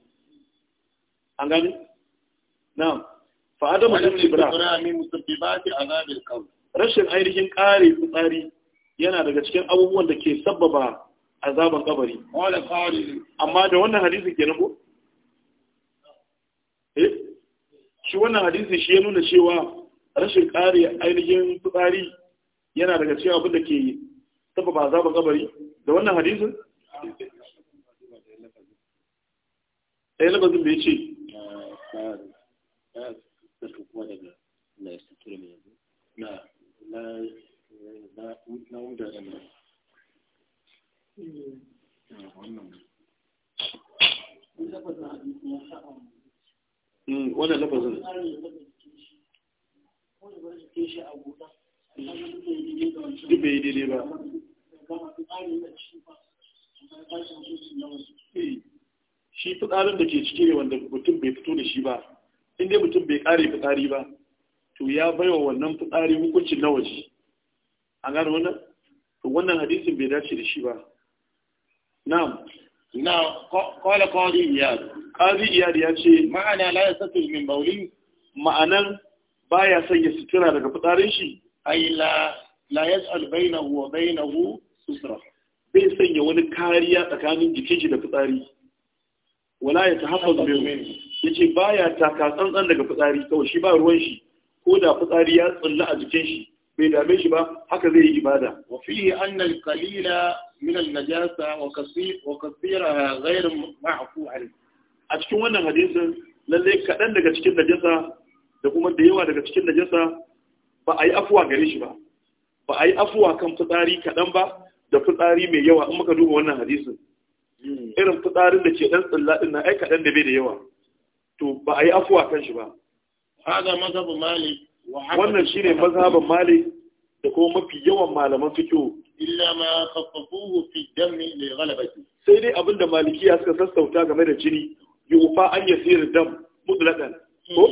an gani na'am fa adamu lam libra min musabbibati azabil qabr rashin ainihin kare fitsari yana daga cikin abubuwan da ke sabbaba azaban kabari amma da wannan hadisi ke nako eh shi wannan hadisi shi ya nuna cewa rashin kare ainihin tsari yana daga cikin abin da ke sabbaba azaban kabari da wannan hadisin ɗaya eh, labazin bai ce su kuma daga da ke ciki ne wanda mutum bai fito da shi ba in dai mutum bai kare fitsari ba to ya baiwa wannan fitsari hukuncin na waje an gano wannan to wannan hadisin bai dace da shi ba na'am na qala qadi iyad qadi iyad ya ce ma'ana la yasatu min bawli ma'anan baya son ya sutura daga fitsarin shi ai la la yas'al bainahu wa bainahu sutra bai sanya wani kariya tsakanin jikin shi da fitsari wala ya tahaffazu min ya ce ba ya taka tsantsan daga fitsari kawai shi ba ruwan shi ko da fitsari ya tsalla a jikin shi bai dame shi ba haka zai yi ibada wa fihi anna al-qalila min al-najasa wa kasir wa kasira ghayr ma'fu a cikin wannan hadisin lalle kadan daga cikin najasa da kuma da yawa daga cikin najasa ba a yi afuwa gare shi ba ba a yi afuwa kan fitsari kadan ba da fitsari mai yawa in muka duba wannan hadisin hmm. irin fitsarin da ke dan tsalla din na ai kadan da bai da yawa to ba a yi afuwa kan shi ba hada mazhabin malik wannan shine mazhabin malik da kuma mafi yawan malaman fiqh illa ma khaffafuhu fi dami li ghalabati sai dai abinda Maliki ya suka sassauta game da jini yufa an yasir dam mutlaqan hmm. ko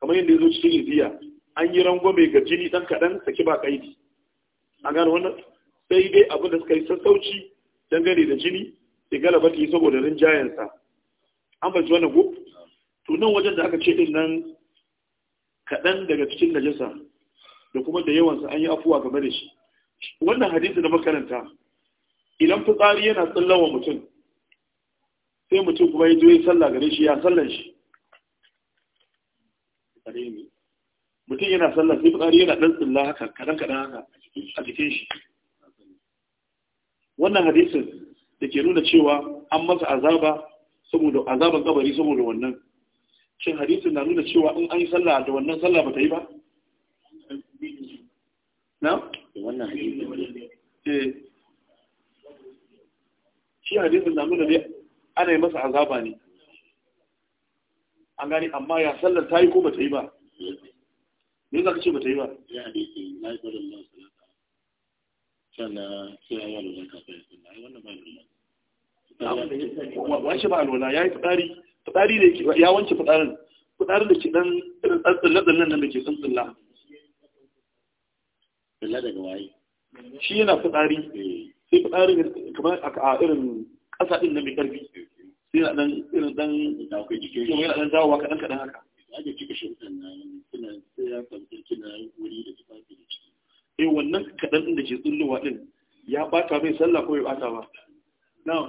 kamar yadda zo cikin iziya an yi rangwame ga jini dan kadan saki ba kaidi a gane wannan sai dai abinda suka yi sassauci dangane da jini da galabati saboda rinjayensa an ji wannan gugu? Tunan wajen da aka ce din nan kaɗan daga cikin najasa da kuma da yawansa an yi afuwa game da shi wannan hadisi da makaranta idan fitsari yana tsallawa mutum sai mutum kuma ya yi sallah gare shi ya sallan shi mutum yana sallah sai fitsari yana ɗan tsalla haka kaɗan kaɗan haka a jikin shi wannan hadisin da ke nuna cewa an masa azaba saboda azaban kabari saboda wannan shin hadisi na nuna cewa in an yi sallah da wannan sallah ba ta yi ba na wannan eh. shi hadisi na nuna ne ana yi masa azaba ne an gani amma ya sallar ta yi ko ba ta yi ba ne za ka ce ba ta yi ba wani shi ba alwala ya yi tsari fitsari ne ya wanke fitsarin fitsarin da ke dan irin tsalle nan da ke sun tsalla tsalla daga waye shi yana fitsari eh. sai fitsarin kamar a irin ƙasa ɗin na mai ƙarfi sai yana dan irin dan yana dan dawowa kaɗan kaɗan haka ake cika shirkan nan suna sai ya kwanta kina wuri da tufafi da ciki eh wannan kaɗan ɗin da ke tsullowa ɗin ya ɓata mai sallah ko ya ɓata ba na'am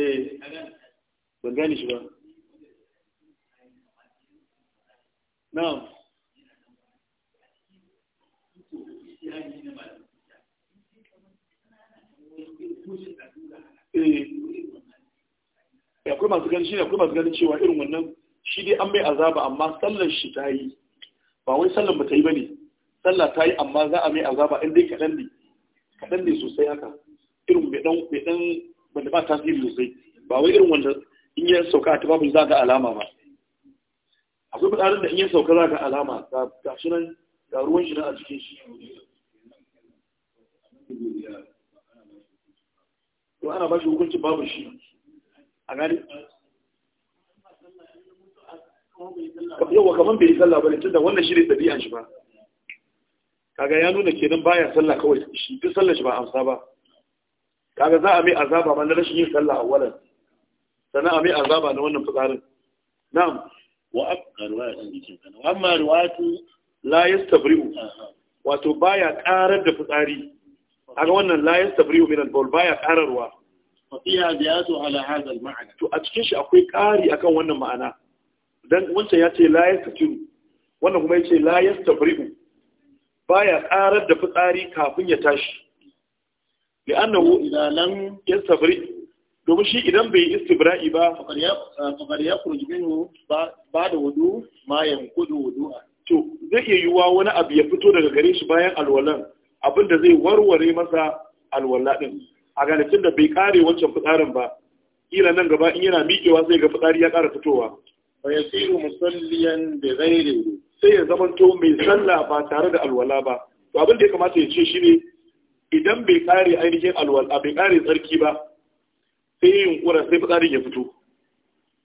eh ban gane shi ba na'am eh, akwai masu ganin shi ne akwai masu ganin cewa irin wannan shi dai an mai azaba amma sallar shi ta yi ba wai sallar ba ta yi ba ne sallar ta yi amma za a mai azaba inda dai kaɗan ne kaɗan ne sosai haka irin mai ɗan wanda ba tasiri sosai ba wai irin wanda in yi sauka a tufafin za ga alama ba akwai fitsarin da in yi sauka za ga alama ga sunan ga ruwan shi na a cikin shi to ana ba shi hukuncin babu shi a gani wa kamar bai yi sallah ba ne tunda wannan shi ne ɗabi'an shi ba kaga ya nuna kenan baya sallah kawai shi duk sallah shi ba amsa ba kaga za a mai azaba ma na rashin yin sallah a walan sannan a mai azaba na wannan fitsarin na'am wa abqa riwaya din jikin kana amma ruwatu la yastabri'u wato baya karar da fitsari kaga wannan la yastabri'u min al-bawl baya kararwa fa fiya ziyatu ala hadha al-ma'na to a cikin shi akwai kari akan wannan ma'ana dan wancan ya ce la yastabri'u wannan kuma ya ce la yastabri'u baya karar da fitsari kafin ya tashi li'annahu idza lam yastabri domin shi idan bai istibra'i ba faqad ya kurji ba da wudu ma yankudu wudu'a to zai iya yiwuwa wani abu ya fito daga gare shi bayan alwalan abinda zai warware masa alwala din a ganacin da bai kare wancan fitsarin ba kila nan gaba in yana miƙewa sai ga fitsari ya ƙara fitowa fa yasiru musalliyan bi ghairi sai ya zamanto mai sallah ba tare da alwala ba to abin da ya kamata ya ce shi ne idan bai kare ainihin alwala bai kare tsarki ba sai ya kura sai fitsarin ya fito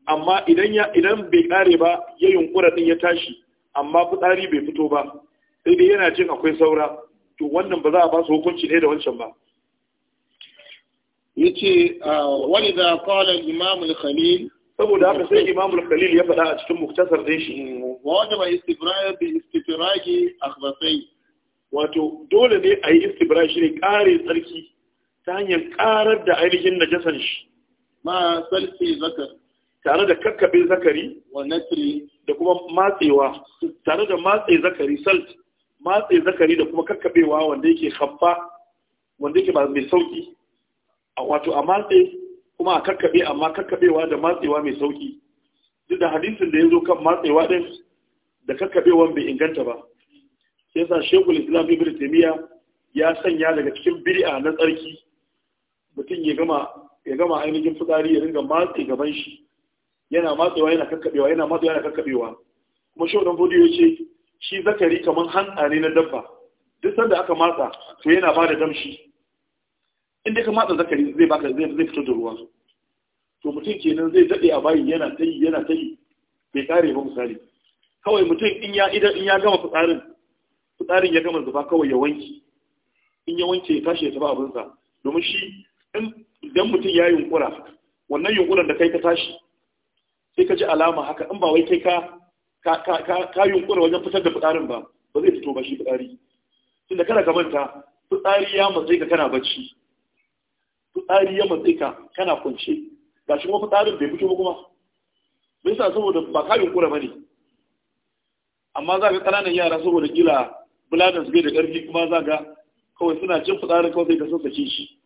amma idan ya idan bai kare ba ya kura din ya tashi amma fitsari bai fito ba sai dai yana jin akwai saura to wannan ba za a ba su hukunci ne da wancan ba yace ah, wani da qala al-imam al-khalil saboda haka sai imam al-khalil ya faɗa a cikin muktasar din shi hmm, wajaba mai bi akhbasai wato dole ne a yi istibra shi ne kare tsarki ta hanyar karar da ainihin najasan shi ma tsarki zakar tare da kakkabe zakari wa da kuma matsewa tare da matse zakari salt matse zakari da kuma kakkabewa wanda yake khaffa wanda yake ba mai sauki wato a matse kuma a kakkabe amma kakkabewa da matsewa mai sauki duk da hadisin da ya zo kan matsewa din da kakkabewan bai inganta ba sai sa shekul islam ibn taymiya ya sanya daga cikin bid'a na tsarki mutum ya gama ya gama ainihin fitsari ya ringa matse gaban shi yana matsewa yana kakkabewa yana matsewa yana kakkabewa kuma shi wannan bodiyo ce shi zakari kamar hanta ne na dabba duk sanda aka matsa to yana ba da damshi inda ka matsa zakari zai baka zai zai fito da ruwa to mutum kenan zai dade a bayi yana tayi yana tayi bai kare ba misali kawai mutum in ya idan in ya gama fitsarin Tsarin ya gama zuba kawai ya wanki in ya wanke ya tashi ya taba abinsa domin shi idan mutum ya yunkura wannan yunkuran da kai ka tashi sai ka ji alama haka in ba wai kai ka ka yunkura wajen fitar da fitsarin ba ba zai fito ba shi fitsari tunda kana ka manta fitsari ya matsa ka kana bacci fitsari ya matsa ka kana kwance shi kuma fitsarin bai fito ba kuma bai sa saboda ba ka yunkura ba ne amma za ka ƙananan yara saboda kila buladan su bai da ƙarfi kuma za ga kawai suna cin fitsarin kawai bai ka so sake shi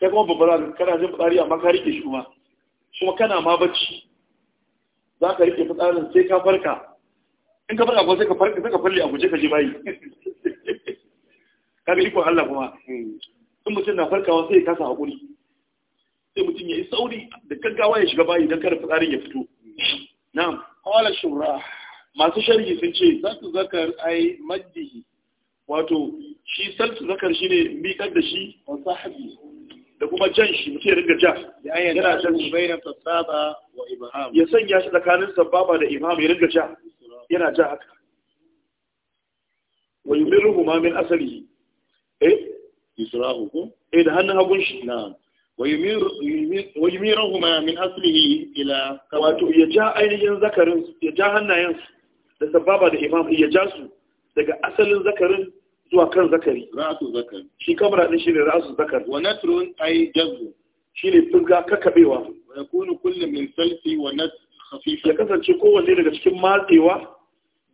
kai kuma babbar za kana cin fitsari amma ka rike shi kuma kuma kana ma bacci za ka rike fitsarin sai ka farka in ka farka kuma sai ka farka sai ka falle a guje ka je bayi *laughs* ga ikon Allah kuma hmm. in mutum na farkawa sai ya kasa haƙuri sai mutum ya yi sauri da gaggawa ya shiga bayi don kada fitsarin ya fito hmm. na'am qala shura. masu sharhi sun ce zatu zakar ai maddihi wato shi salsu zakar shine miƙar da shi wa sahabi da kuma jan shi mutum ya ringa ja yana jan shi bayan wa ibham ya sanya shi tsakanin sababa da ibham ya riga ja yana ja haka wa yumiruhu ma min asali eh yusrahu ko eh da hannun hagun shi na'am wa yumiruhu ma min aslihi ila wato ya ja ainihin zakarin ya ja hannayen su da sababa da imam ya ja su daga asalin zakarin zuwa kan zakari Ra'asu zakar shi ɗin shi ne Ra'asu zakar wa natrun ay Shi ne fulga kakabewa wa yakunu kullum min salfi wa nat khafif ya kasance kowanne daga cikin matsewa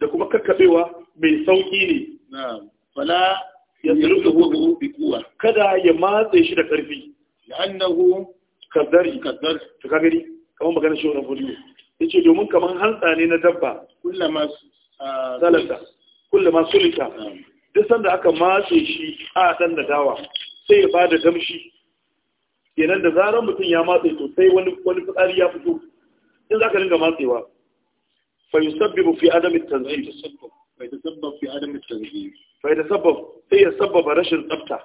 da kuma kakabewa mai sauƙi ne na'am fala yasruhu bi kuwa. kada ya matse shi da ƙarfi. karfi لأنه Ta kagari. تكاغري magana shi شو رفوليو yace domin kaman hantsa ne na dabba kullama salata kullama sulita duk sanda aka matse shi a dan da dawa sai ya bada damshi kenan da zarar mutum ya matse to sai wani wani fitsari ya fito in zaka dinga matsewa fa yusabbibu fi adam at-tanzih fa yatasabbab fi adam at fa sai ya sabbaba rashin tsafta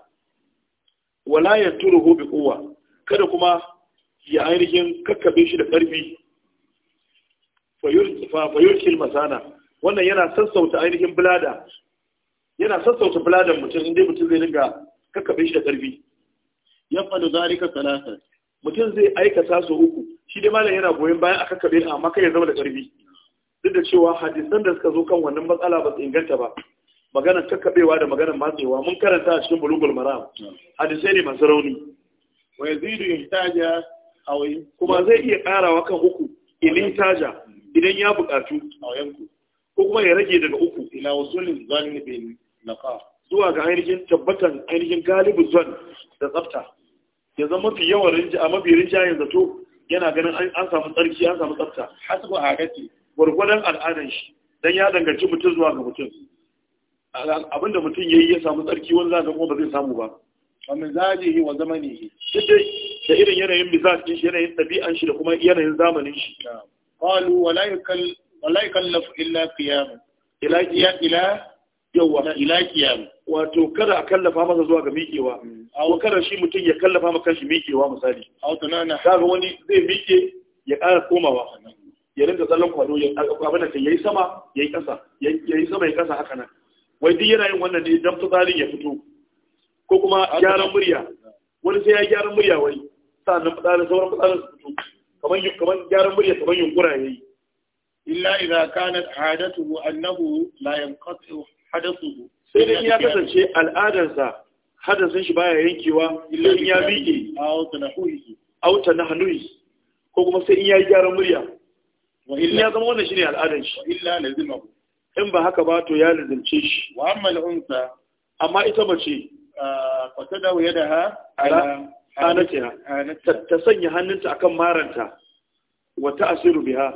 wala yaturuhu bi quwwa kada kuma ya ainihin kakkabe shi da ƙarfi fayurkil masana wannan yana sassauta ainihin bulada yana sassauta buladan mutum inda mutum zai dinga kakkaɓe shi da karfi. ya faɗi zarika salasa mutum zai aikata su uku shi dai malam yana goyon bayan a kakabe, amma kai ya zama da karfi. duk da cewa hadisan da suka zo kan wannan matsala ba su inganta ba maganar kakabewa da maganar matsewa mun karanta a cikin bulugul maram hadisai ne masu rauni wa yazidu ihtaja aw kuma zai iya karawa kan uku ilin taja idan ya buƙatu a yanku ko kuma ya rage daga uku ila wasulin zanni bin naqa zuwa ga ainihin tabbatan ainihin galibu zan da tsafta ya zama fi yawan rinji a mafi ayin zato yana ganin an samu tsarki an samu tsafta hasbu hadati gwargwadon al'adan shi dan ya danganci mutum zuwa ga mutum abinda mutum yayi ya samu tsarki wani zaka kuma ba zai samu ba wa mizajihi wa zamanihi duk da irin yanayin mizajin shi yanayin tabi'an shi da kuma yanayin zamanin shi Wa ولا يكلف إلا قياما إلى wato kada a kallafa masa zuwa ga miƙewa ko kada shi mutum ya kallafa maka kanshi miƙewa misali kaga wani zai miƙe ya ƙara komawa ya rinka tsallan kwado ya abin sama yayi ƙasa ƙasa haka yana yin wannan ne dan fitsarin ya fito wani sai ya gyaran murya wai sauran fitsarin su fito kamar kamar gyaran murya kamar yunkura illa idza kanat adatuhu annahu la hadathuhu sai dai ya kasance al'adarsa hadasin shi baya yankewa illa in ya miƙe aw tanahuhi aw tanahuhi ko kuma sai in yayi gyaran murya wa illa ya zama wannan shine al'adar shi illa lazimahu in ba haka ba to ya lazimce shi wa amma amma ita mace ah, fatadaw yadaha ala ta sanya hannunta akan maranta wata asiru biya,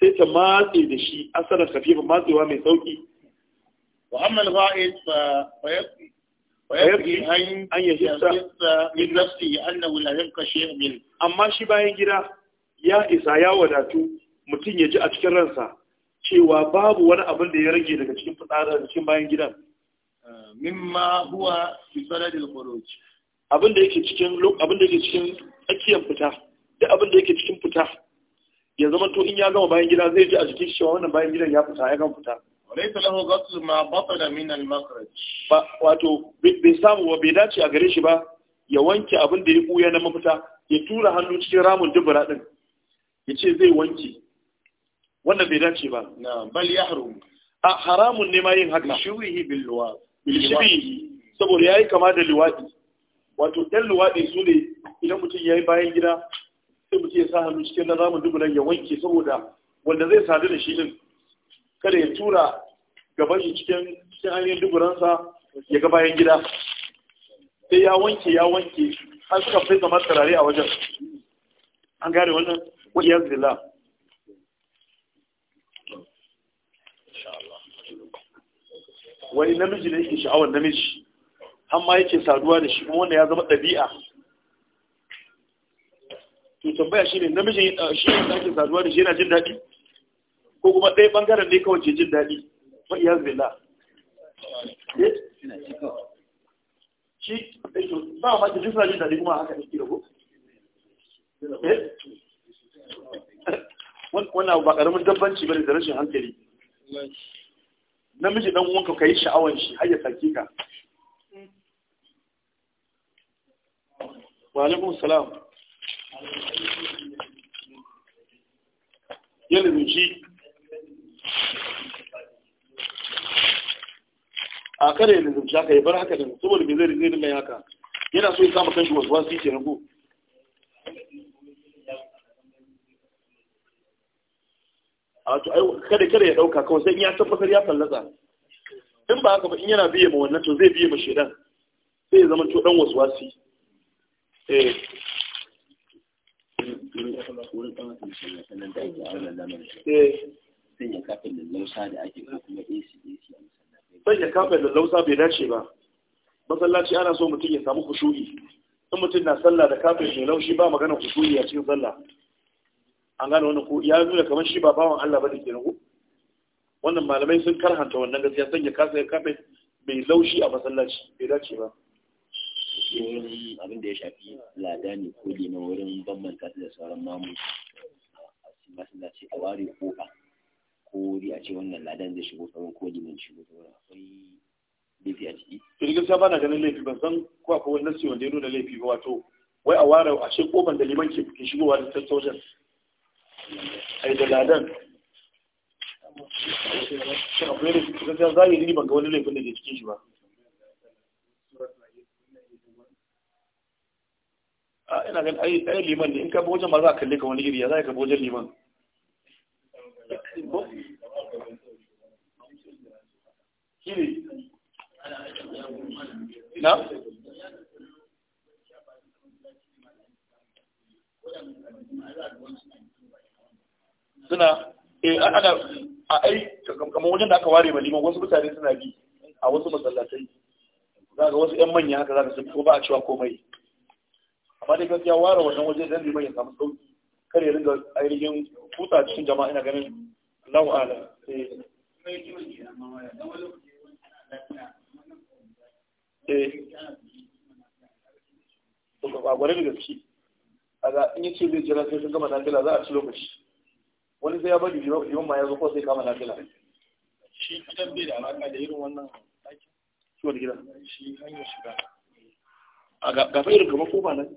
sai ta matse da shi asalar kafifa matsewa mai sauki wa amma ba amma shi bayan gida ya isa ya wadatu mutum ya ji a cikin ransa cewa babu wani abin da ya rage daga cikin fitsarar cikin bayan gidan mimma huwa fi sanadil abinda yake cikin abinda yake cikin tsakiyar fita duk abinda yake cikin fita ya zama to in ya gama bayan gida zai ji a jikin shi wannan bayan gidan ya fita ya gama fita walaysa lahu ghasl ma batala min al ba wato bai samu wa bai dace a gare shi ba ya wanke abin da ya buya na mafita ya tura hannu cikin ramin dubura din ya ce zai wanke wannan bai dace ba na bal yahrum a haramun ne ma yin haka shiwihi bil luwa bil shibihi saboda yayi kama da liwadi wato ɗan luwaɗi su ne idan mutum ya yi bayan gida sai mutum ya sa hannu cikin na zamun dubulan ya wanke saboda wanda zai sadu da shi din kada ya tura gaban shi cikin cikin ainihin duburansa ya ga bayan gida sai ya wanke ya wanke har suka fi zama turare a wajen an gane wannan wa'iyar zila wani namiji ne yake sha'awar namiji amma yake saduwa da shi kuma wanda ya zama ɗabi'a to tambaya shi ne namijin eh, shi ne ake saduwa da shi yana jin daɗi ko kuma ɗaya ɓangaren ne kawai ke jin daɗi fa iya zila eh? shi eh, ba ma ke jin jin daɗi kuma haka ne ko wannan ba ƙaramin dabbanci ne da rashin hankali namiji dan uwanka kai sha'awan shi hayyata ya ka wa salam ya lalaci a kada ya lalaci haka ya bar haka da saboda mai zai rinne mai haka yana so ya kan shi wasu wasu ke rago a to kada kada ya dauka kawai sai ya tabbatar ya fallasa in ba haka ba in yana biye ma wannan to zai biye ma shedan sai ya zama to dan wasu wasi Eh. Eh. sanya kafin da lausa da ake ko kuma AC AC sanya kafin da lausa bai dace ba masallaci ana so mutum ya samu kushuri in mutum na sallah da kafin mai laushi ba magana kushuri a cikin sallah an gane wani ko ya nuna kamar shi ba bawan Allah ba da ke nuku wannan malamai sun karhanta wannan gaskiya sanya kafin mai laushi a masallaci bai dace ba shi wurin abin da ya shafi lada ne ko na wurin bambanta da sauran mamu masallaci a ware kofa ko wuri a ce wannan ladan zai shigo sauran ko liman shigo ta wurin akwai laifi a ciki. to gaskiya ba na ganin laifi ban san ko akwai wani nasi wanda ya nuna laifi ba wato wai a ware a ce kofan da liman ke ke shigowa da sojan. ai da ladan akwai laifi gaskiya zahiri ban ga wani laifin da ke cikin shi ba. ina ganin ai liman ne in ka bojan ma za a kalle ka wani iri ya za ka bojan liman shine na suna Eh ana a ai kamar wajen da aka ware ba liman wasu mutane suna bi a wasu masallatai za ga wasu 'yan manya haka za ka sun ba a cewa komai amma dai gaskiya ware wannan waje dan liman ya samu sauki kar ya ringa ainihin tuta cikin jama'a ina ganin Allahu a'lam eh, eh. a gware da gaske a ga in yace zai jira sai sun gama nafila za a ci lokaci wani sai ya bari liman ma ya zo ko sai kama nafila shi kitan bai da alaka da irin wannan ɗakin shi wani gida. shi hanyar shiga a gafe irin gaba ko ba nan